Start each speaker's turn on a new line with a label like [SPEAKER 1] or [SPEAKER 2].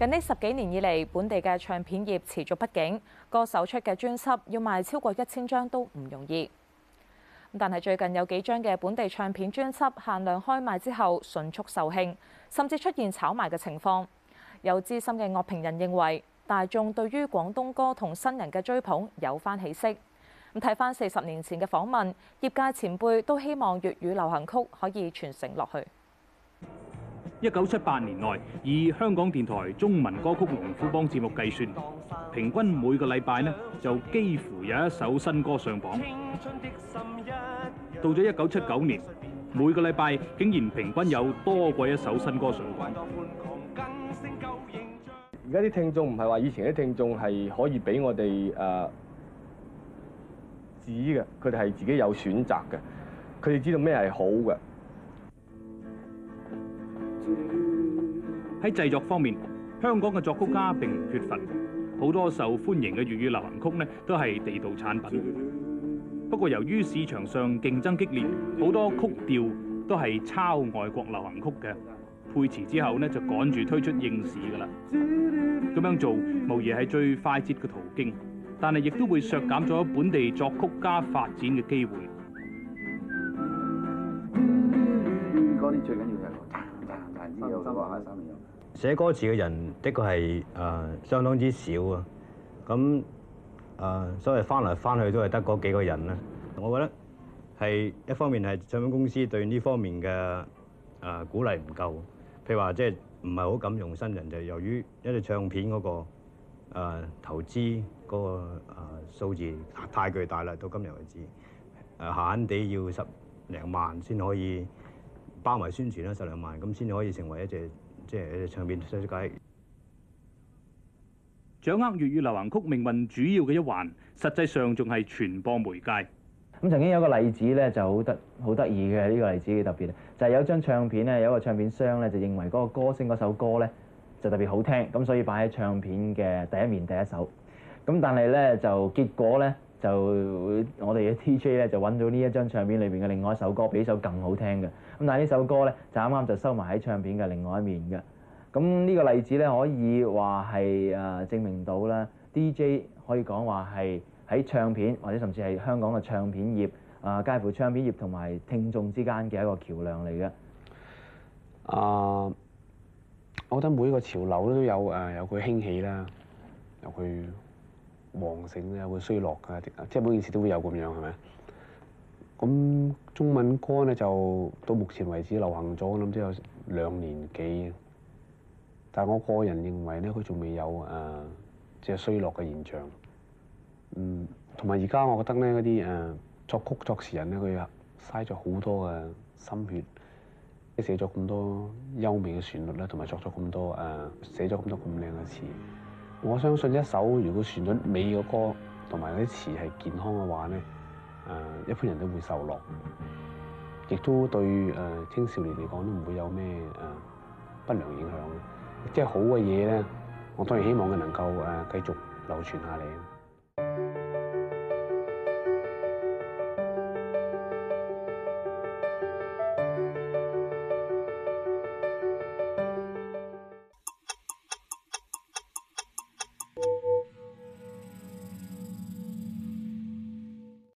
[SPEAKER 1] 近呢十幾年以嚟，本地嘅唱片業持續不景，歌手出嘅專輯要賣超過一千張都唔容易。但係最近有幾張嘅本地唱片專輯限量開賣之後，迅速售罄，甚至出現炒賣嘅情況。有資深嘅樂評人認為，大眾對於廣東歌同新人嘅追捧有翻起色。咁睇翻四十年前嘅訪問，業界前輩都希望粵語流行曲可以傳承落去。
[SPEAKER 2] 一九七八年內，以香港電台中文歌曲龍虎榜節目計算，平均每個禮拜呢就幾乎有一首新歌上榜。
[SPEAKER 3] 到咗一九七九年，
[SPEAKER 2] 每個禮拜竟然平均有多過一首新歌上榜。
[SPEAKER 3] 而家啲聽眾唔係話以前啲聽眾係可以俾我哋誒、呃、指嘅，佢哋係自己有選擇嘅，佢哋知
[SPEAKER 4] 道咩係好嘅。
[SPEAKER 3] 喺
[SPEAKER 2] 製作方面，香港嘅作曲家並唔缺乏，好多受歡迎嘅粵語流行曲呢都係地道產品。不過由於市場上競爭激烈，好多曲調都係抄外國流行曲嘅，配詞之後呢就趕住推出應市㗎喇。咁樣做，無疑係最快捷嘅途徑，但係亦都會削減咗本地作曲家發展嘅機會。嗰啲最緊要就係。
[SPEAKER 5] 寫歌詞嘅人的確係誒、呃、相當之少啊，咁、啊、誒所謂翻嚟翻去都係得嗰幾個人啦、啊。我覺得係一方面係唱片公司對呢方面嘅誒、呃、鼓勵唔夠，譬如話即係唔係好敢用新人，就係、由於一隻唱片嗰、嗰個、呃、投資嗰、嗰個誒、呃、數字太，太巨大啦，到今日為止誒慳慳地要十零萬先可以。包埋宣傳啦，十兩萬咁先至可以成為一隻即係唱片世界。掌握粵語流行曲命運主要嘅一
[SPEAKER 2] 環，實際上仲係傳播媒介。
[SPEAKER 4] 咁曾經有個例子呢，就好得好得意嘅呢個例子嘅特別就係有張唱片呢，有個唱片商呢，就認為嗰個歌星嗰首歌呢，就特別好聽，咁所以擺喺唱片嘅第一面第一首。咁但係呢，就結果呢。就我哋嘅 DJ 咧，就揾到呢一張唱片裏面嘅另外一首歌，比呢首更好聽嘅。咁但係呢首歌咧，就啱啱就收埋喺唱片嘅另外一面嘅。咁呢個例子咧，可以話係誒證明到啦，DJ 可以講話係喺唱片或者甚至係香港嘅唱片業啊，介乎唱片業同埋聽眾之間嘅一個橋梁嚟嘅。啊，uh，我覺得
[SPEAKER 3] 每個潮流都有誒有佢興起啦，有佢。旺盛咧會衰落㗎，即係每件事都會有咁樣係咪？咁中文歌咧就到目前為止流行咗，諗住有兩年幾。但係我個人認為咧，佢仲未有誒即係衰落嘅現象。嗯，同埋而家我覺得咧嗰啲誒作曲作詞人咧，佢嘥咗好多嘅心血，即係寫咗咁多優美嘅旋律咧，同埋作咗咁多誒、呃、寫咗咁多咁靚嘅詞。我相信一首如果旋律美嘅歌，同埋啲詞係健康嘅話，呢一般人都會受落，亦都對青少年嚟講都唔會有咩誒不良影響。即係好嘅嘢咧，我當然希望佢能夠繼續流傳下嚟。